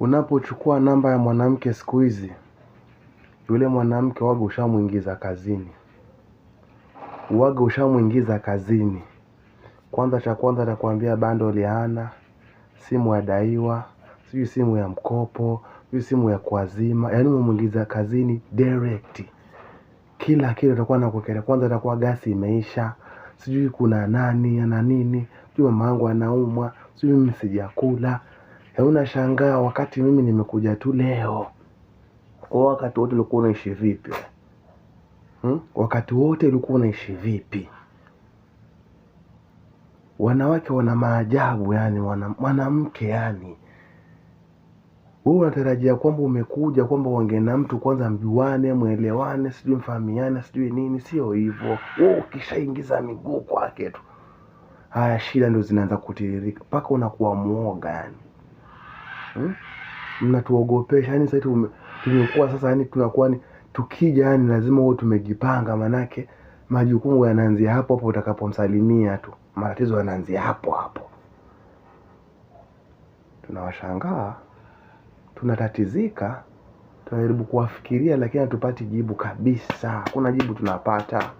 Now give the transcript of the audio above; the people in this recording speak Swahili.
Unapochukua namba ya mwanamke siku hizi, yule mwanamke waga ushamwingiza kazini, waga ushamwingiza kazini. Kwanza cha kwanza atakwambia bando liana, simu daiwa sijui simu ya mkopo, sijui simu ya kuazima, yaani umemwingiza kazini direct. Kila kitu atakuwa nakukelea, kwanza atakuwa gasi imeisha, sijui kuna nani ana nini, sijui mama yangu anaumwa, sijui mimi sijakula Hauna shangaa wakati mimi nimekuja tu leo. Kwa wakati wote ulikuwa unaishi vipi? Hmm? Wakati wote ulikuwa unaishi vipi? Wanawake wana maajabu yani, mwanamke yani wewe unatarajia kwamba umekuja kwamba uongee na mtu kwanza, mjuane, mwelewane, sijui mfahamiane, sijui nini. Sio hivyo. Wewe ukishaingiza miguu kwake tu, haya shida ndio zinaanza kutiririka mpaka unakuwa mwoga yani. Hmm? mnatuogopesha yani sasa tumekuwa sasa yani tunakuwa ni tukija yani lazima huo tumejipanga manake majukumu yanaanzia hapo hapo utakapomsalimia tu matatizo yanaanzia hapo hapo tunawashangaa tunatatizika tunajaribu kuwafikiria lakini hatupati jibu kabisa hakuna jibu tunapata